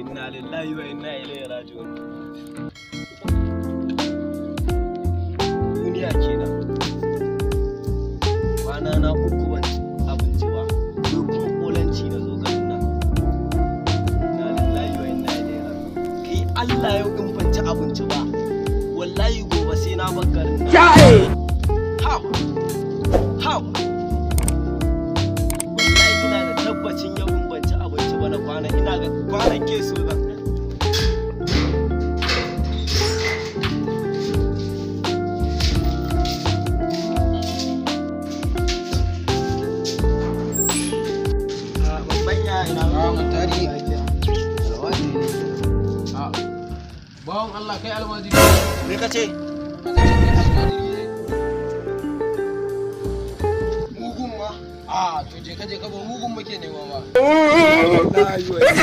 inna lillahi wa inna ilaihi raji'un duniya kenan kwana na uku ban abinci ba ko kuma kolanci na zo garin nan inna lillahi wa inna ilaihi raji'un kai Allah yau in ban abinci ba wallahi gobe sai na bar garin nan ha ha Allah ga ba Allah kai almajiri. Me ka ce? Mugun ma? A ah, to je ka ka ba mugun muke nema ba.